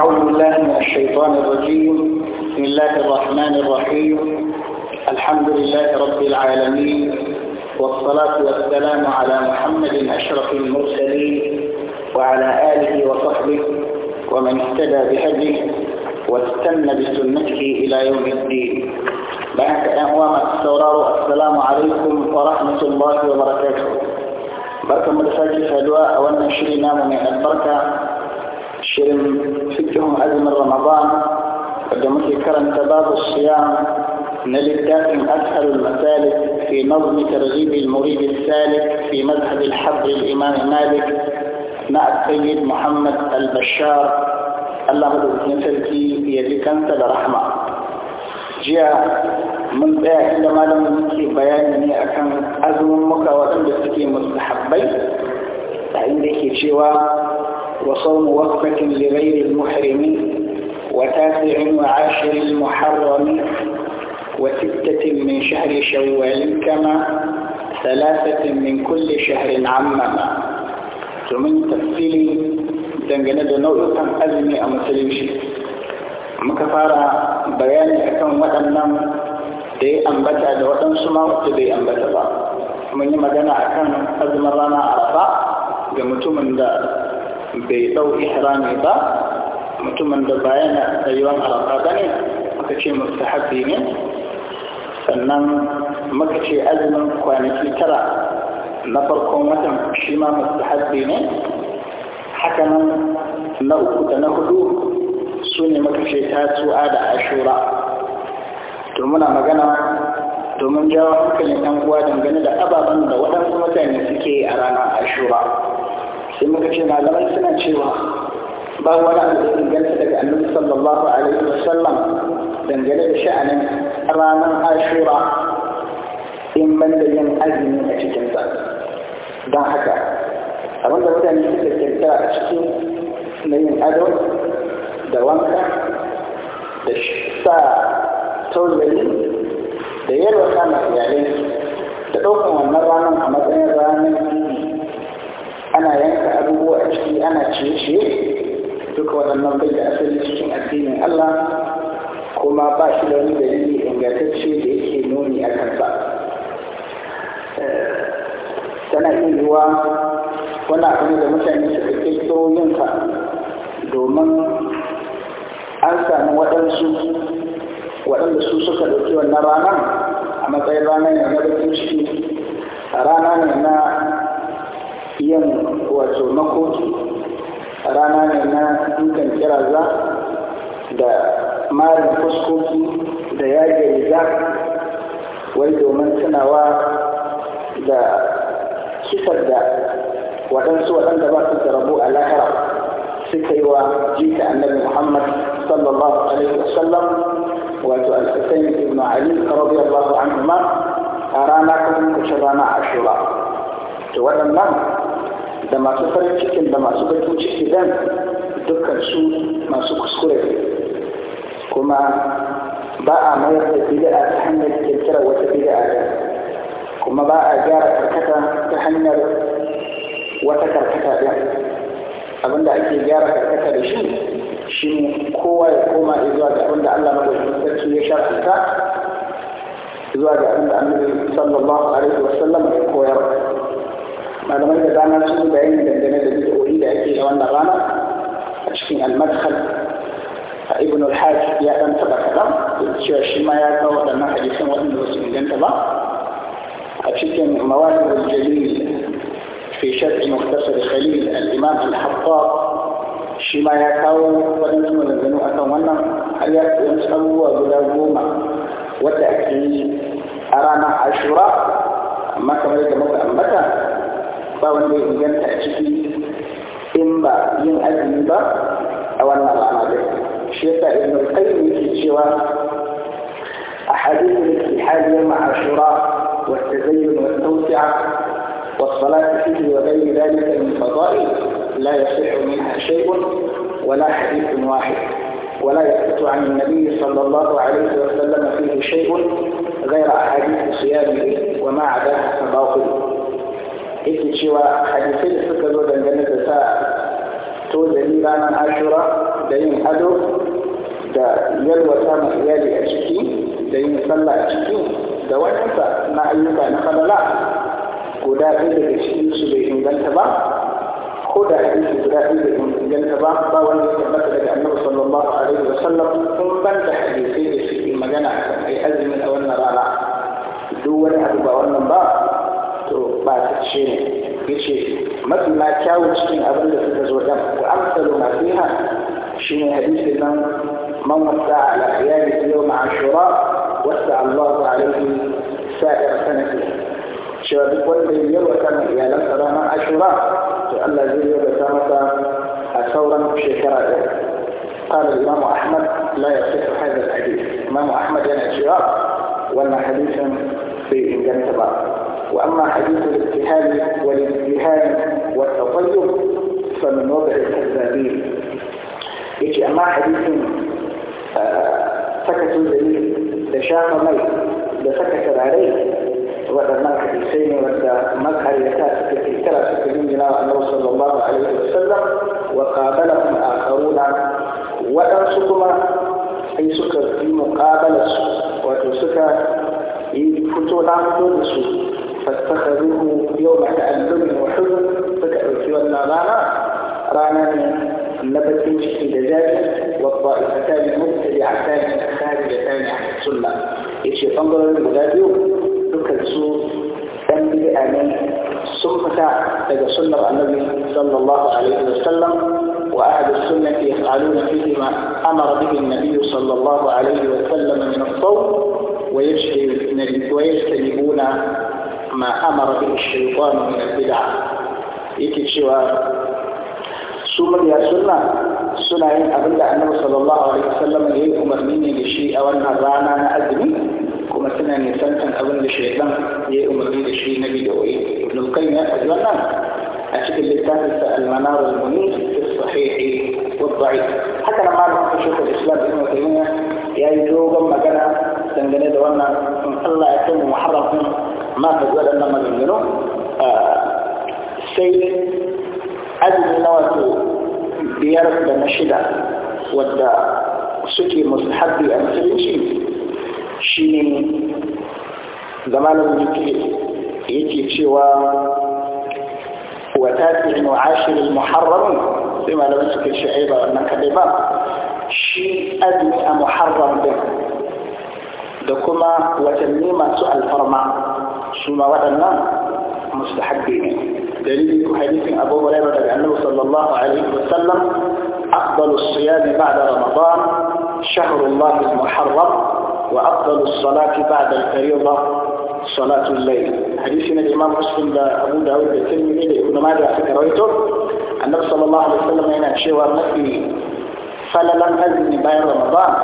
أعوذ بالله من الشيطان الرجيم بسم الله الرحمن الرحيم الحمد لله رب العالمين والصلاة والسلام على محمد أشرف المرسلين وعلى آله وصحبه ومن اهتدى بهديه واستنى بسنته إلى يوم الدين بعد أعوام السورار السلام عليكم ورحمة الله وبركاته بركة مدفاجة هدواء والنشرين من البركة شرم فكهم أزم رمضان قدمت كرم تباب الصيام نجد دائم أسهل المسالك في نظم ترغيب المريد السالك في مذهب الحبر الإمام مالك مع السيد محمد البشار الله نسلكي يدي كانت برحمة جاء من ذاك عندما لم يكي بياني أكن أزم مكا وأن بسكي مستحبي عندك جواب وصوم وقفة لغير المحرم وتاسع وعاشر المحرم وستة من شهر شوال كما ثلاثة من كل شهر عمم ثمين تفصيلي دنجنا دنو يتم أزمي أم سليمشي مكفارة بياني أكم وأنم دي أنبتا دوتن سما وقت دي أنبتا با من يمدنا أكم أزمرنا أرطا بمتومن دار bai dau ihrami ba mutumin da bayan yana tsayuwan arafa ba ne muka ce haɗi ne sannan muka ce azumin kwanaki tara na farkon watan shi ma haɗi ne haka nan na uku da na hudu su ne muka ce tasu'a da ashura to muna magana domin jawo hankalin ɗan uwa dangane da ababen da waɗansu mutane suke a ranar ashura sai muka ce malamai suna cewa ba wani abu da inganta daga annabi sallallahu alaihi wasallam dangane da sha'anin ranar ashura in ban da yin azumi a cikinsa don haka abin da mutane suka kirkira a cikin na yin ado da wanka da sa tozali da yarwa na iyalai da ɗaukan wannan ranar a matsayin ranar ana yanka abubuwa a ciki ana ciye-ciye duka waɗannan bai da asali cikin addinin Allah kuma ba shi da wani dalili ingantacce da yake nuni a kansa eh, tana iya yiwuwa wani abu da mutane suka kirkiro yinsa domin an sami waɗansu waɗanda su suka ɗauki wannan ranar a matsayin ranar ne na ciki a rana ne na yin wato makoki rana ne na dukan kiraza da marin fuskoki da yage riga wai domin tunawa da kisar da waɗansu waɗanda ba su da rabu a lahira suka yi wa jika annabi muhammad sallallahu alaihi wasallam wato al-husayn ibn ali radiyallahu anhu ma a rana kuma kusa rana ashura to waɗannan da masu farin cikin da masu bakin ciki dan dukkan su masu kuskure kuma ba a mayar da bid'a ta hanyar kirkirar wata bid'a kuma ba a gyara karkata ta hanyar wata karkata ɗin abinda ake gyara karkata da shi shine kowa ya koma zuwa ga abinda Allah madaukakin sarki ya shafuta zuwa ga abinda Annabi sallallahu alaihi wasallam ya koyar معلومات اللي زعما شنو بعين الجنة الذي أريد أتي لو أن الرانا أشكي المدخل ابن الحاج يا أن تبكر تشوش ما يأكل ولا ما حد يسمع وأن الرسول جن تبا أشكي مواد الجليل في شرح مختصر خليل الإمام الحطاب شما يأكل وأن الرسول جن أتوا منا هل يأكل ولا جوما وتأكيد أرانا عشرة ما كملت مكة مكة ba wanda ya inganta a ciki in ba yin azumi ba a wannan al'amari shi yasa ibn qayyim yake cewa أحاديث الاتحاد يوم عاشوراء والتزين والتوسعة والصلاة فيه وغير ذلك من فضائل لا يصح منها شيء ولا حديث واحد ولا يثبت عن النبي صلى الله عليه وسلم فيه شيء غير أحاديث صيامه وما عداها فباطل yake cewa hadisai da suka zo dangane da sa to da ni ranar ashura da yin ado da yalwata ma iyali a ciki da yin sallah a ciki da wadansa na ayyuka na falala guda ɗaya daga cikin su bai inganta ba ko da hadisi guda ɗaya bai inganta ba ba wani ya tabbata daga annabi sallallahu alaihi wa sallam kun da hadisai da suke magana akan ai azumin a wannan rana duk wani abu ba wannan ba wato batacce ne ya ce mafi ma kyawun cikin abin da suka zo dan wa amsalu ma fiha shi ne hadisi nan man wasa ala qiyami yawm ashura wasa Allahu alaihi sa'ir sanati cewa duk wanda ya yalwata ma iyalansa ranar ashura to Allah zai yalwata masa a sauran shekara ɗaya قال الإمام أحمد لا يصح هذا الحديث الإمام أحمد يعني شراب وأن حديثا في إنجاز بعض وأما حديث الاجتهاد والاجتهاد والتطيب فمن وضع الكذابين يجي أما حديث آه، سكت الدليل تشاق ميت لسكت عليه وهذا ما حديثين وهذا مظهر في الكلام سكتين جناء الله صلى الله عليه وسلم وقابلهم آخرون وأنسكما أي سكر في مقابلة وتسكر يفتو لعنه فاتخذوه يوم تألم وحزن فكأوا سوى رانا رانا نبت تمشي دجاجة والطائفتان المبتدعتان خارجتان عن السنة إيش تنظر للمدادي دكت سوء تنبي آمين سمك لدى سنة النبي صلى الله عليه وسلم وأحد السنة يفعلون فيه ما أمر به النبي صلى الله عليه وسلم من الصوم ويجتنبون ما امر به الشيطان من البدع يكي شوى سوبر يا سنة سنة أبدا النبي صلى الله عليه وسلم هي أمر مني لشيء أو أن رانا نأذني كما سنة نسان كان الشيطان هي أمر مني لشيء نبي دوئي ابن القيم يأذننا أشك اللي تنسى المنار المنيف في الصحيح والضعيف حتى أنا لما أردت أشوف الإسلام ابن القيمية يا يجوغم مكانا سنجنة دوانا من الله يكون محرم amma ka maganganu sai azumi na wato biyar da na shida wadda suke musu haɗi a musulunci shi ne zamanin yake cewa وتاسع وعاشر المحرم بما لو نسك الشعيبة والمكذبة شيء أدمئ محرم به دكما masu alfarma. شما وطننا مستحبين دليل في حديث أبو بريرة لأنه صلى الله عليه وسلم أفضل الصيام بعد رمضان شهر الله المحرم وأفضل الصلاة بعد الفريضة صلاة الليل حديث الإمام مسلم أبو داود الترمذي دا يقول ماذا فكر ويتر صلى الله عليه وسلم هنا شيء ورمته فلم أزني بعد رمضان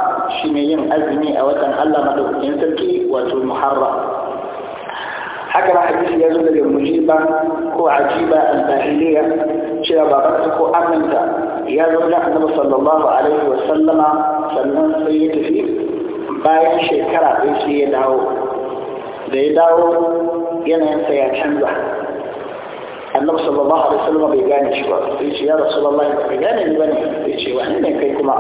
شميم أزني أوتن ألا ان ينتركي وتو المحرم haka hadisi ya zo daga mujiba ko ajiba al-bahiliya cewa babansa ko amanta ya zo da annabi sallallahu alaihi wasallama sannan sai ya tafi bayan shekara ɗaya shi ya dawo da ya dawo yana yanayinsa ya canza annabi sallallahu alaihi wasallama bai gane shi ba sai shi ya rasulullahi ba bai gane ni ne sai ce wa ne kai kuma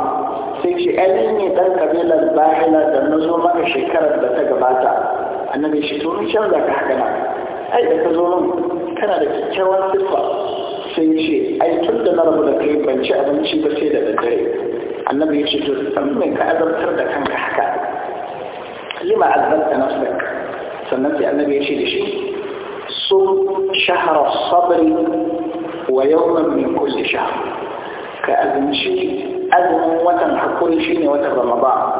sai shi ai ne dan kabilar bahila da na zo maka shekarar da ta gabata النبي شتون كان ذاك حكنا أي تظلم كان ذاك كوان صفة في أي كل دم رب من شيء من شيء بسيط ذكرين النبي شتون من كأدم ترد كان كحكا لما عذبت نفسك فالنبي النبي شيء شيء صوم شهر الصبر ويوم من كل شهر كأذن شيء أذن وتنحقون شيء وتغمضان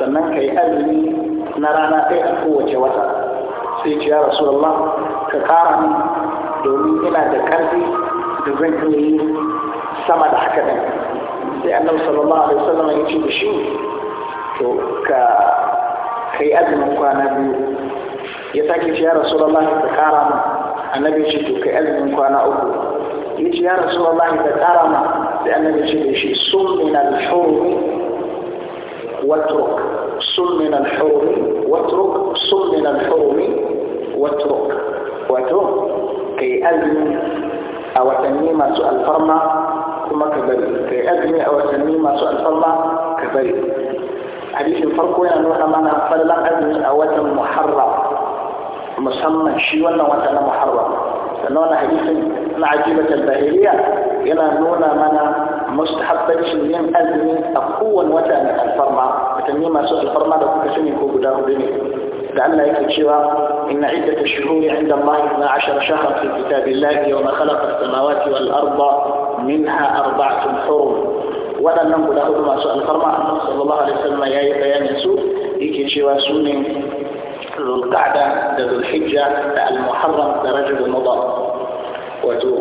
سمنك يأذن na rana ɗaya a kowace wata sai ce ya rasu Allah ka kara min domin ina da ƙarfi da zan iya yi sama da haka ɗin sai annabi sallallahu alaihi wasallam ya ce da shi to ka kai azumin kwana biyu ya sake ce ya rasu Allah ka kara min annabi ce to kai azumin kwana uku ya ce ya rasu Allah ka kara min sai annabi ce da shi sun min al-hurmi wa turk سم من الحرم واترك سم من الحرم واترك واترك كي أزمي أو تنيمة الفرمة ثم كبري كي أزمي أو تنيمة الفرمة كبري حديث الفرق وين أنه معنا فلن أزمي أو محرم مسمى شي ولا وتن محرم فنونا حديث عجيبة البهيرية إلى نونا منا مستحب yin azumi watanni masu alfarma da kuka sani ko guda hudu ne da إن عدة الشهور عند الله 12 شهرا في كتاب الله يوم خلق السماوات والأرض منها أربعة حرم وأن نقول له ما سؤال فرما صلى الله عليه وسلم يا بيان سوء يكي شوى سنة ذو القعدة ذو الحجة المحرم درجة المضى وتو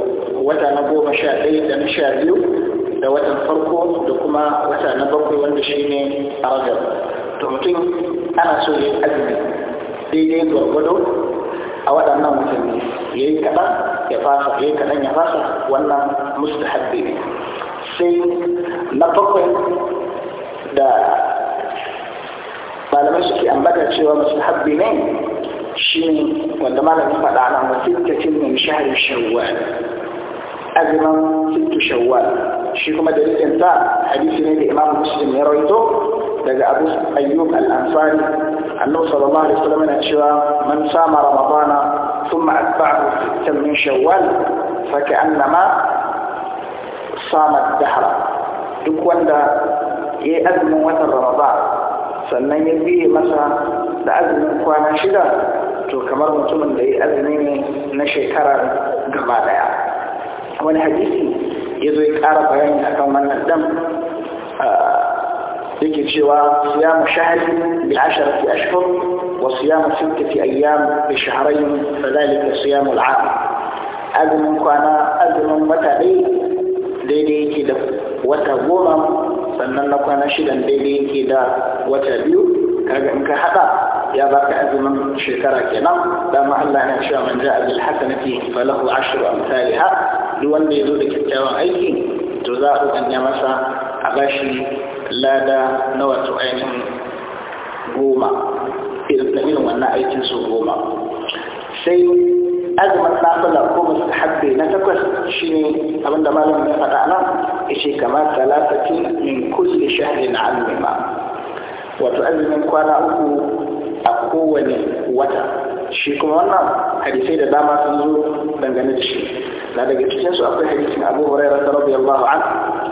وتنبو مشاهدين مشاهدين da watan farko da kuma wata na bakwai wanda shi ne a rajar to mutum ana so ya azumi daidai gwargwado a waɗannan watanni ya yi kaɗan ya fasa ya yi kaɗan ya fasa wannan mustahabbi ne sai na bakwai da malamai suke ambata cewa mustahabbi ne shi ne wanda malamin faɗa na mutum ta cin min shahar shawwal azumin sittu shawwal shi kuma dalilin sa hadisi ne da imam muslim ya rawaito daga abu ayyub al-ansari annabi sallallahu alaihi wasallam yana cewa man sama ramadana thumma atba'ahu sittan min shawwal fa ka'annama sama dahra duk wanda ya yi azumin watan ramadan sannan ya biye masa da azumin kwana shida to kamar mutumin da ya yi azumi ne na shekara gaba daya wani hadisi ya zo ya ƙara bayani akan wannan dan yake cewa siyamu shahri bi asharati ashhur wa siyamu sittati ayyam bi shahrayn fadhalika siyamu al'am azumin kwana azumin wata ɗaya daidai yake da wata goma sannan na kwana shidan daidai yake da wata biyu kaga in ka haɗa يا ذاك أزمن شكرا كنا دام الله أن شاء من جاء بالحسنة فله عشر أمثالها duk wanda ya zo da kyakkyawan aiki to za a ɗanya masa a bashi lada na wato ainihin goma irin irin wannan aikin su goma sai azumin nafila ko mustahabbi na takwas shine abinda malamin ya faɗa nan Ya ce kamar talatatin min kulli shahrin alima wato azumin kwana uku a kowane wata shi kuma wannan hadisai da dama sun zo dangane da shi na daga cikinsu أبو هريرة رضي الله عنه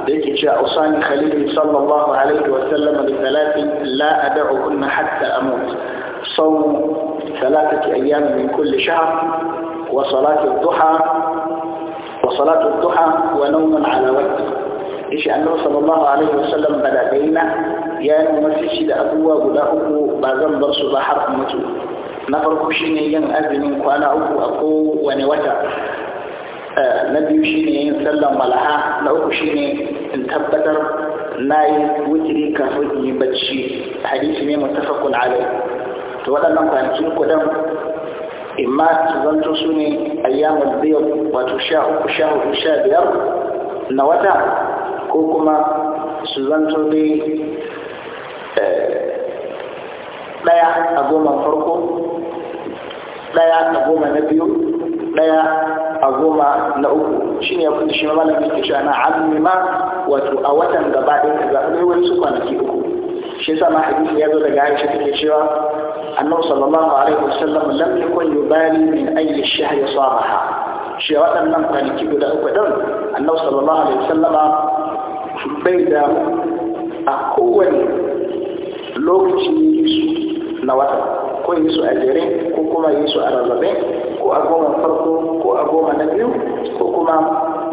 anhu ذلك أوصاني خليلي صلى الله عليه وسلم بثلاث لا أدعهن حتى أموت صوم ثلاثة أيام من كل شهر وصلاة الضحى وصلاة الضحى ونوم على وقت إيش أنه صلى الله عليه وسلم بلا بينا يا نمسيش لأبوه بلاهه بازن برس بحر أمته نفرك شيني ين أذن كوانا أبو أقو ونوتا Eh, na biyu shi ne yin sallan malaha na uku shine in tabbatar na yi wutiri kafin yi bacci hadisi ne mutafakun alai to waɗannan kwanakin kudan imma su zanto su ne ayyamul biyar wato sha uku sha hudu sha biyar na wata ko kuma su zanto dai eh, ɗaya a goma farko ɗaya a goma na biyu ɗaya a goma na uku shi ne ya da shi da ke cewa na azmima wato a watan gaba ɗaya ka zaɓi wani su kwanaki uku shi yasa ma hadisi ya zo daga Aisha take cewa annabi sallallahu alaihi wasallam lam yakun yubali min ayyi shahr sabaha shi waɗannan kwanaki guda uku din annabi sallallahu alaihi wasallama bai da a kowane lokaci na wata ko yi su a jere ko kuma yi su a rarrabe ko a goma farko ko a goma na biyu ko kuma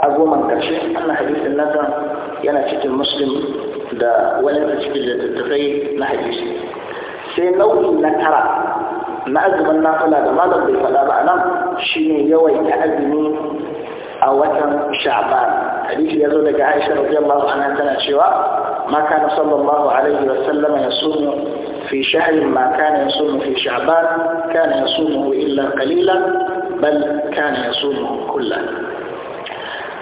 a goma ƙarshe wannan hadisin nasa yana cikin muslim da wani da cikin littattafai na hadisi sai nau'i na tara na azumin nafila da malam bai faɗa ba a nan shine yawaita azumi a watan sha'ban hadisi ya zo daga aisha radiyallahu anha tana cewa ma kana sallallahu alaihi wa في شهر ما كان يصوم في شعبان كان يصومه إلا قليلا بل كان يصومه كله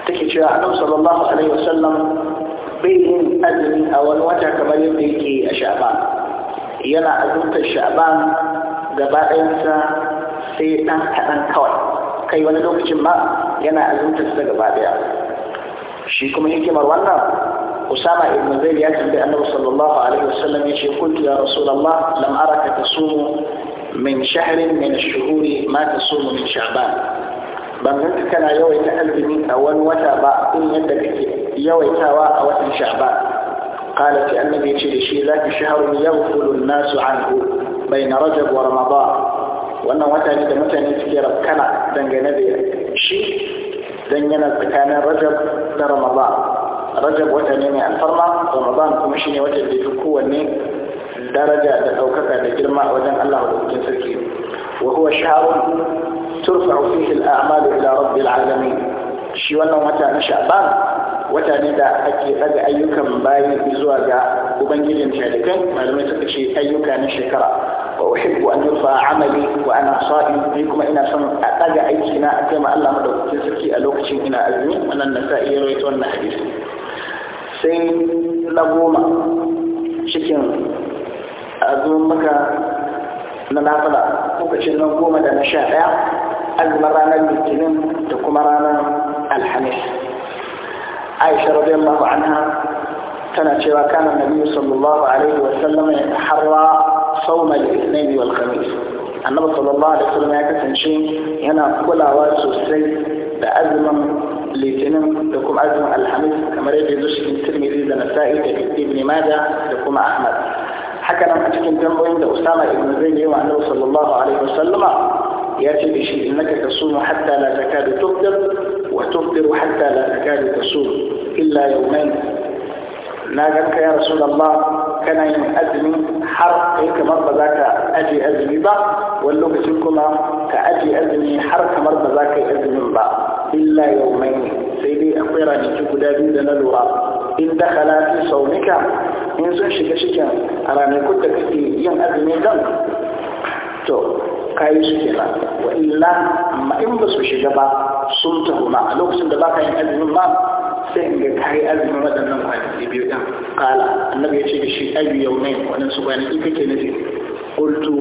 تكي أنه صلى الله عليه وسلم بين أزمي أو الوجه كما يبديك شعبان ينا أزمت شعبان gabaɗayansa sai ɗan kaɗan kawai kai wani lokacin ma yana azumtarsa gaba ɗaya shi kuma hikimar wannan أسامة بن زيد يجب بأنه صلى الله عليه وسلم قلت يا رسول الله لم أرك تصوم من شهر من الشهور ما تصوم من شعبان بمنك كان يويت من أول وتابع إن يدك يويتاوا وتن شعبان قالت النبي تشيرشي ذاك شهر يغفل الناس عنه بين رجب ورمضان wannan wata ne da mutane suke rafkana dangane da shi don yana tsakanin rajab wata ne mai alfarma ramadan kuma shine wata da fi kowanne daraja da ɗaukaka da girma a wajen Allah madaukakin sarki wa huwa shahrun turfa'u fihi al-a'mal ila rabbil alamin shi wannan wata na sha'ban wata ne da ake daga ayyukan bayi zuwa ga ubangijin shalikai malamai suka ce ayyuka na shekara wa uhibbu an yurfa amali wa ana sa'im ni kuma ina son a ɗaga aiki na a kai ma Allah madaukakin sarki a lokacin ina azumi wannan nasa'i ya rawaito wannan hadisi sai na goma cikin azumin maka na nafila lokacin na goma da na sha ɗaya azumin ranar litinin da kuma ranar alhamis aisha radiyallahu anha tana cewa kana nabi sallallahu alaihi wa sallam ya taharra sauma al-ithnain wal khamis annabi sallallahu alaihi wa sallam ya kasance yana kulawa sosai da azumin litinin da kuma azumin alhamis kamar yadda ya zo cikin tirmidhi da nasa'i da ibn mada da kuma ahmad haka nan a cikin tambayoyin da usama ibn zaid ya wa annabi sallallahu alaihi wasallama ya ce da shi innaka tasumu hatta la takadu tufdir wa tufdiru hatta la takadu tasum illa yawmain na ganka ya rasulullah kana yin azumi har kai kamar ba za ka aje azumi ba wani lokacin kuma ka aje azumi har kamar ba za ka yi azumin ba illa yawmayn sai dai akwai ranaki guda biyu da na lura in dakhala fi sawmika in sun shiga cikin a ranakun da kake yin azumi kan to kayi su kenan wa illa amma in ba su shiga ba sun taho ma a lokacin da ba ka yin azumin ma sai in ga kayi azumin waɗannan kwanaki biyu ɗin kala annabi ya ce da shi ayu yawmayn wannan su kwanaki kake nufi qultu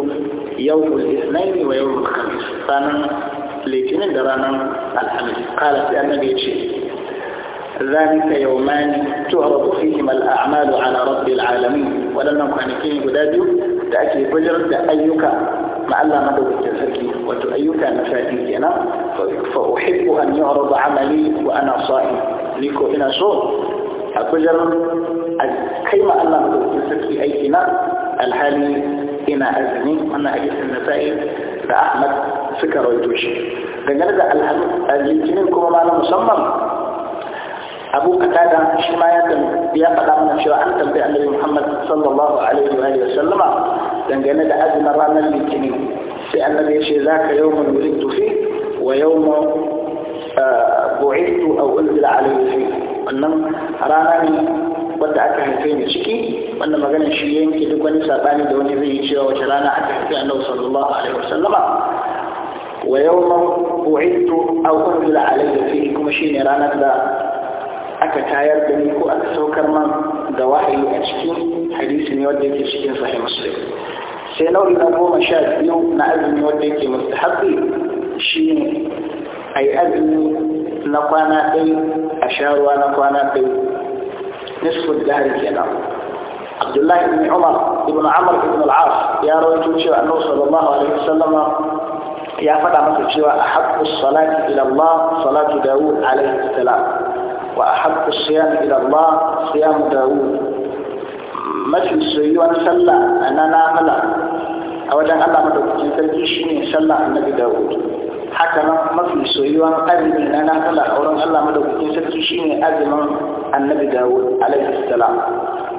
yawmul ithnain wa yau yawmul khamis sanan لكن درانا الحمد قالت لأن بيتشي ذلك يومان تعرض فيهما الأعمال على رب العالمين ولما كان كي يقدادي تأتي بجرة أيك مع ألا ما تبكي وتأيك نفاتي أنا فأحب أن يعرض عملي وأنا صائم لكو إنا شو أبجرة كيما ألا ما تبكي أيكنا الحالي ina azumi wannan hadisin sai da ahmad suka rawaito shi dangane da litinin kuma malam musamman abu katada shi ma ya ya faɗa mana cewa an tambayi annabi muhammad sallallahu alaihi wa sallama dangane da azumin ranar litinin sai annabi ya ce zaka ka yau mun wuri tufi wa yau mun bu'itu a ulzila alaihi wannan rana ne wadda aka haife ni ciki wannan maganar shi yanke duk wani saɓani da wani zai yi cewa wace rana aka haifi annabi sallallahu alaihi wasallama wa yawman bu'ittu aw unzila alayya fihi kuma shine ranar da aka tayar da ni ko aka saukar man da wahayi a cikin hadisi ne wanda yake cikin sahih muslim sai nau'i na goma sha biyu na azumi wanda yake mustahabbi shine ai azumi na kwana ɗaya a sha ruwa na kwana ɗaya nisfu dahari kenan عبد الله بن عمر ابن عمر بن العاص يا رويت جوا النبي صلى الله عليه وسلم يا فدا مت جوا احب الصلاه الى الله صلاه داوود عليه السلام واحب الصيام الى الله صيام داوود مثل في شيء وان صلى انا لا املا او جاء الله مت جوا شيء صلى النبي داوود حكما مثل في شيء وان انا لا املا او الله مت جوا شيء النبي داوود عليه السلام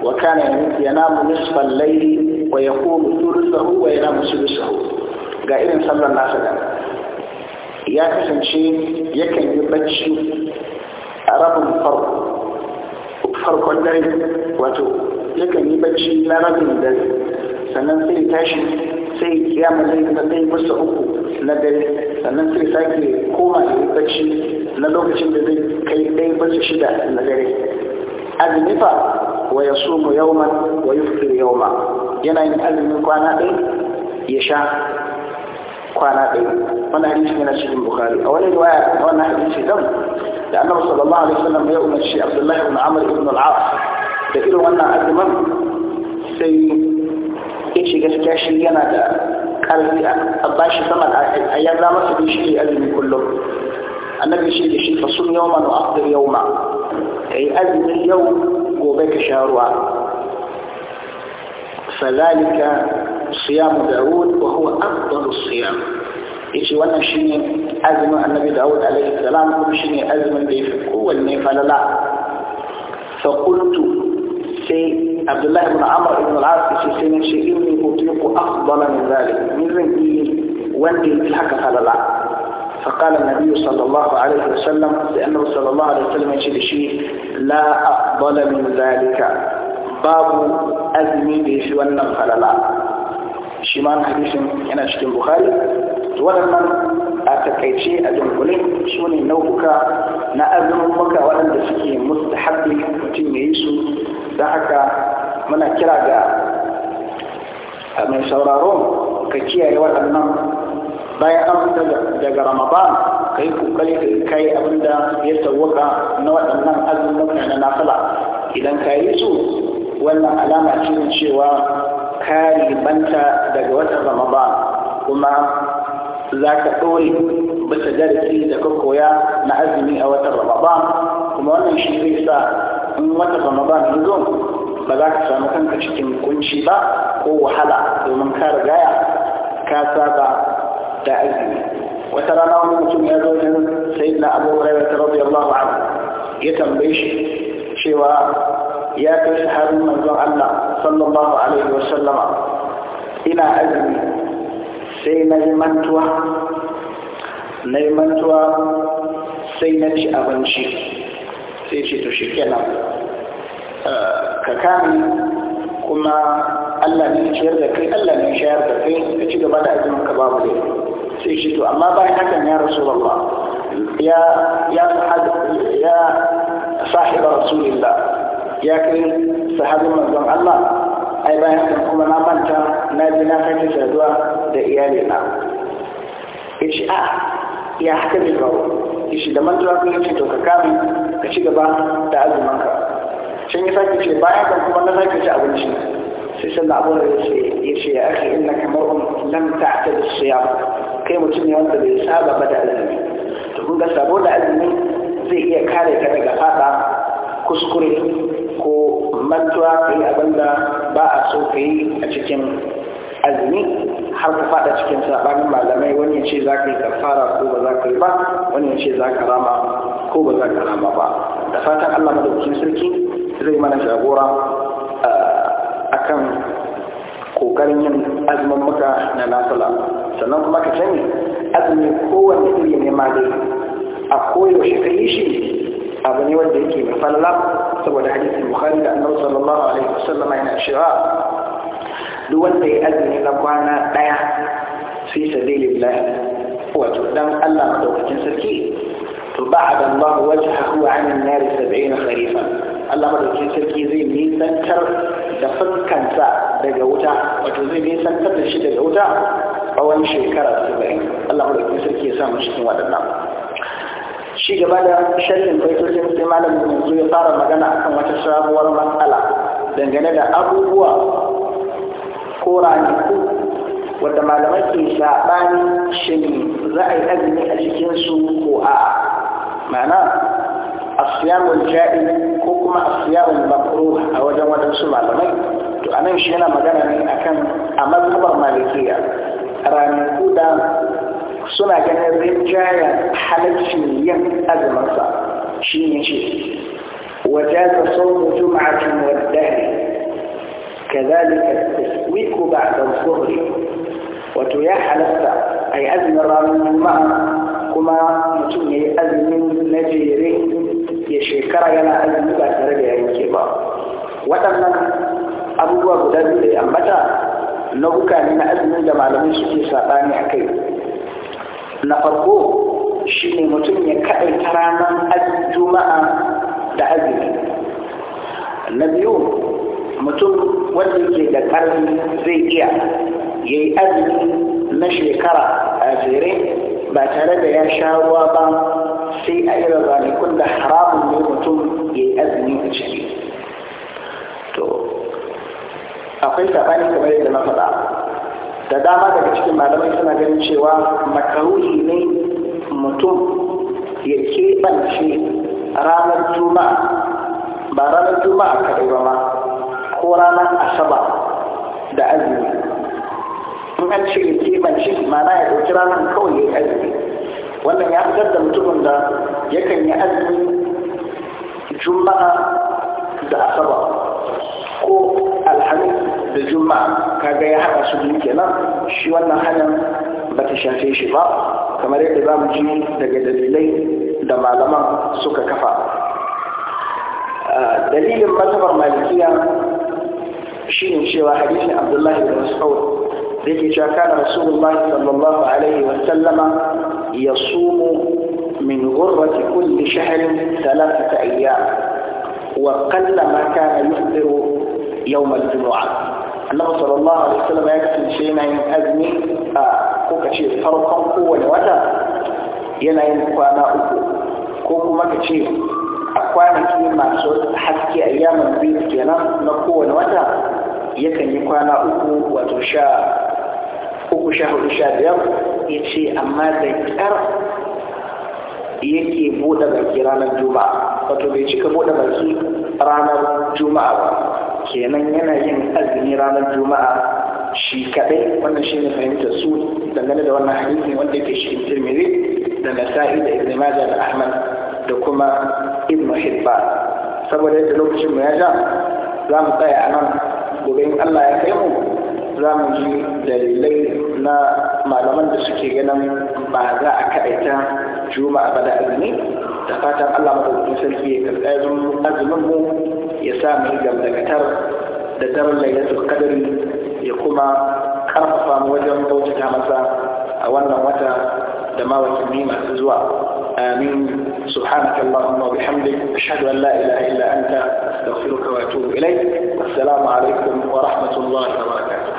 وكان ينام نصف الليل ويقوم ثلثه وينام ثلثه ga irin sallar nasa da ya kasance yakan yi bacci a rabin farkon dare wato yakan yi bacci na rabin dare sannan sai tashi sai kiyama zai da sai musu uku na dare sannan sai sake koma da bacci na lokacin da zai kai ɗaya bacci shida na dare azumi fa wa ya sumu yawman wa yuftir yauma yana yin azumin kwana ɗaya ya sha kwana ɗaya wannan hadisi yana cikin bukhari a wani riwaya wannan hadisi dan da annabi sallallahu alaihi wasallam ya umarci abdullahi ibn amr ibn al-as da irin wannan azumin sai ya ce gaskiya shi yana da ƙarfi a bashi saman a yanzu masa shi azumi kullum annabi shi da shi fasun yawman wa afdir yauma. أي أزمة اليوم وبك شهر وعلى. فذلك صيام داود وهو أفضل الصيام إيش وانا شيني أزمة النبي داود عليه السلام كل شيني أزمة اللي في القوة اللي فلا لا فقلت سي عبد الله بن عمر بن العاص في سنة شيء إني أطلق أفضل من ذلك من ذلك وانا في فلا لا فقال النبي صلى الله عليه وسلم لأنه صلى الله عليه وسلم يشير شيء لا أفضل من ذلك باب أزمي بيش ونم فللا شمان حديث هنا شكين بخاري ولمن أتكيشي أدن قلين شوني نوبك نأذن بك ولن تسكي مستحب متين يسو ذاك منا كراغا mai sauraro ka kiyaye waɗannan bayan an fita daga ramadan ka yi kokari ka kai abin da ya sauwaka na waɗannan azumuka na nafila idan ka yi su wannan alama ce cewa ka ribanta daga watan ramadan kuma za ka ɗore bisa darasi da ka koya na azumi a watan ramadan kuma wannan shi zai sa in watan ramadan ya zo ba za ka samu kanka cikin kunci ba ko wahala domin ka rigaya ka saba da azumi wata rana wani mutum ya zo jin sai na abu wurai ta rabu yallahu an ya tambaye shi cewa ya kai sahabin manzon allah sallallahu alaihi wa sallama ina azumi sai na yi mantuwa na yi mantuwa sai na ci abinci sai ce to shi kenan eh, ka kame kuma allah ne ciyar da kai allah ne shayar da kai ka ci gaba da azumin ka babu laifi سيشد أما بعدك يا رسول الله يا يا صاحب يا صاحب رسول الله يا كريم صاحب منظم الله أي بعدك كم أنا بنتا نادي نفسي سدوا دعيالنا إيش آه يا حكم الله إيش دمن تراك إيش توك كامي إيش كبا تعز منك شن يفعل إيش بعدك كم أنا نفسي سدوا دعيالنا سيسال الله يا أخي إنك مرء لم تعتد الصيام kai mutum ne wanda bai saba ba da azumi to kun ga sabo da azumi zai iya kare ka daga fada kuskure ko mantuwa ka yi abin da ba a so ka yi a cikin azumi har ku fada cikin sabanin malamai wani ya ce za ka yi kafara ko ba za ka yi ba wani ya ce za ka rama ko ba za ka rama ba da fatan allah madaukakin sarki zai mana jagora eh, kan. kokarin yin azumin muka na nafila sannan kuma ka sani azumi kowanne iri ne ma dai a koyaushe ka yi shi abu ne wanda yake mai falla saboda hadisi bukhari da annabi sallallahu alaihi wasallam yana cewa duk wanda ya azumi na kwana daya sai fi sabilillah wato dan Allah madaukakin sarki to ba'ada Allah wajhahu 'ala an-nar 70 kharifa Allah madaukakin sarki zai nisantar da fuskansa daga wuta wato zai santar da shi daga wuta tsawon shekara bai Allah maɗauki sarki ya samu cikin waɗannan shi gaba da sharhin baitocin sai malamin yanzu ya fara magana kan wata sabuwar matsala dangane da abubuwa ko ranaku wadda malamai ke shaɓani shin za a yi azumi a cikinsu ko a'a ma'ana asiyamun ja'i ko kuma asiyamun makruh a wajen waɗansu malamai to anan shi yana magana ne akan a mazhabar malikiya ranaku da suna ganin rinjayen halaccin yin azumansa shi ne ce wajaza sauƙin juma'atun wadahri kazalika taswiku ba'da zuhri wato ya halatta a yi azumin ranar juma'a kuma mutum ya yi azumin na jere shekara yana azumi ba tare da yanke ba waɗannan abubuwa guda biyu da ambata nau'uka ne na azumin da malamai suke saɓani a kai na farko shi ne mutum ya kaɗai ta ranar juma'a da azumi na biyu mutum wanda ke da ƙarfi zai iya ya yi azumi na shekara a jere ba tare da ya sha ruwa ba sai a yi irin kun da haramun ne mutum ya yi azumi a ciki to akwai sabani kamar yadda na faɗa da dama daga cikin malamai suna ganin cewa makaruhi ne mutum ya keɓance ranar juma'a ba ranar juma'a kaɗai ba ma ko ranar asaba da azumi in an ce ya keɓance mana ya ɗauki ranar kawai ya yi azumi wannan ya fitar da mutumin da yakan yi azumi juma'a da asaba ko alhamis da juma'a kaga ya haɗa su biyu kenan shi wannan hanyar ba ta shafe shi ba kamar yadda za mu ji daga dalilai da malaman suka kafa dalilin mazhabar malikiya shirin cewa hadisin abdullahi bin mas'ud da ke cewa kana rasulullahi sallallahu alaihi wa يصوم من غرة كل شهر ثلاثة أيام وقل ما كان يفطر يوم الجمعة النبي صلى الله عليه وسلم يكتب شيئا من أذن آه، كوكشي فرقا قوة وذا ينعين قوانا أكو كوكو ما كتير a kwanaki masu haske a yaman biyu kenan na kowane wata yakan yi kwana uku wato sha ya ce amma da kyar yake buɗe baki ranar juma'a wato bai cika buɗe baki ranar juma'a ba kenan yana yin azumi ranar juma'a shi kadai, wannan shi ne fahimtar su dangane da wannan hadisi wanda yake shi tirmidhi da nasa'i da ibn majah da ahmad da kuma ibn hibban saboda yadda lokacin mu ya ja za mu tsaya a nan gobe in allah ya kai mu za mu ji dalilai na malaman da suke ganin ba za a kaɗaita juma'a ba da azumi da fatan allah maɗaukakin sarki ya karɓi azumin mu ya sa mu yi gamdakatar da daren lailatul kadari ya kuma ƙarfafa mu wajen bautata masa a wannan wata da ma watanni masu zuwa آمين سبحانك اللهم وبحمدك أشهد أن لا إله إلا أنت أستغفرك وأتوب إليك والسلام عليكم ورحمة الله وبركاته